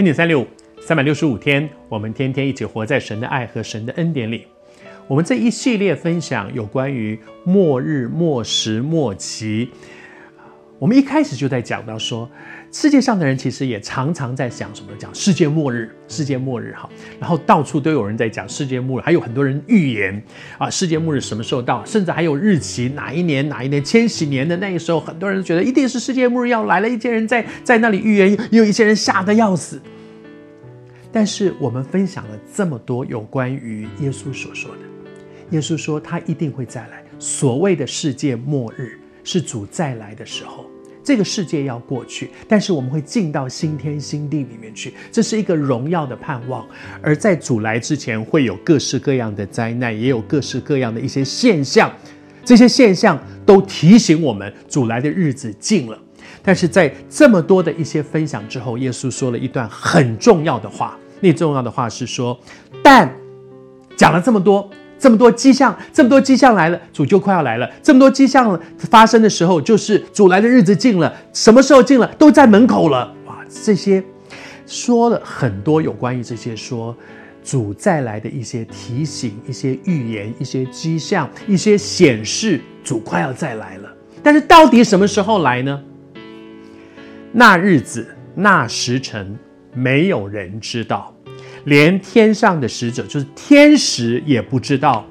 恩典三六五，三百六十五天，我們天天一起活在神的愛和神的恩典裡。我們這一系列分享有關於末日、末時、末期。我們一開始就在講到說，世界上的人其實也常常在講什麼？講世界末日，世界末日哈，然後到處都有人在講世界末日，還有很多人預言啊，世界末日什麼時候到？甚至還有日期，哪一年？哪一年？千禧年的那個時候，很多人都覺得一定是世界末日要來了。一些人在在那裡預言，也有一些人嚇得要死。但是我們分享了這麼多有關於耶穌所說的，耶穌說他一定會再來。所謂的世界末日是主再來的時候。這個世界要過去，但是我們會進到新天新地裡面去，這是一個榮耀的盼望。而在主來之前，會有各式各樣的災難，也有各式各樣的一些現象，這些現象都提醒我們主來的日子近了。但是在這麼多的一些分享之後，耶穌說了一段很重要的話。那重要的話是說，但。講了這麼多，這麼多跡象，這麼多跡象來了，主就快要來了。這麼多跡象發生的時候，就是主來的日子近了。什麼時候近了，都在門口了。哇，這些說了很多有關於這些說主再來的一些提醒、一些預言、一些跡象、一些顯示，主快要再來了。但是到底什麼時候來呢？那日子、那時辰，沒有人知道。連天上的使者，就是天使，也不知道；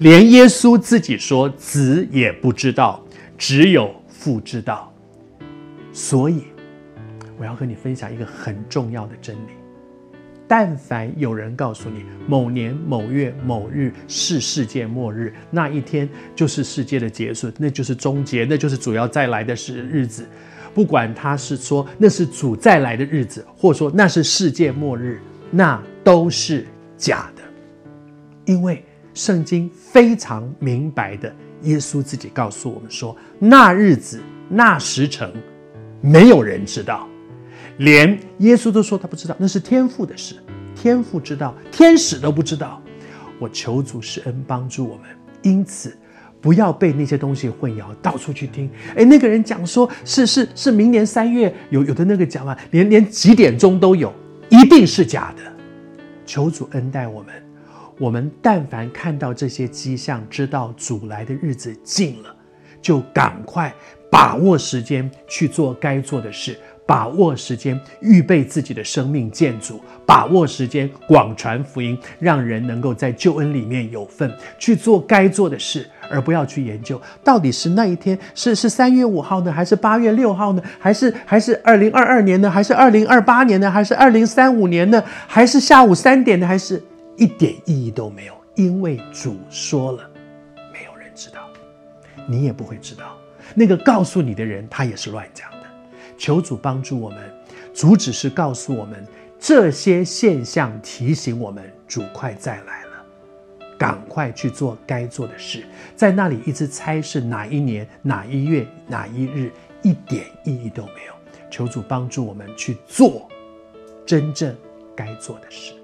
連耶穌自己說“子”也不知道，只有父知道。所以，我要和你分享一個很重要的真理：但凡有人告訴你某年某月某日是世界末日，那一天就是世界的結束，那就是終結，那就是主要再來的是日子。不管他是說那是主再來的日子，或說那是世界末日，那，都是假的，因為聖經非常明白的，耶穌自己告訴我們說：“那日子、那時辰，沒有人知道，連耶穌都說他不知道，那是天父的事，天父知道，天使都不知道。”我求主施恩幫助我們，因此不要被那些東西混淆，到處去聽。哎，那個人講說，是是是，是明年三月有有的那個講啊，連連幾點鐘都有，一定是假的。求主恩待我們，我們但凡看到這些跡象，知道主來的日子近了，就趕快把握時間去做該做的事。把握時間，預備自己的生命建築；把握時間，廣傳福音，讓人能夠在救恩裡面有份，去做該做的事，而不要去研究到底是哪一天是，是是三月五號呢，還是八月六號呢，還是還是二零二二年呢，還是二零二八年呢，還是二零三五年呢，還是下午三點呢？還是一點意義都沒有，因為主說了，沒有人知道，你也不會知道，那個告訴你的人，他也是亂講。求主幫助我們，主只是告訴我們這些現象，提醒我們主快再來了，趕快去做該做的事。在那裡一直猜是哪一年、哪一月、哪一日，一點意義都沒有。求主幫助我們去做真正該做的事。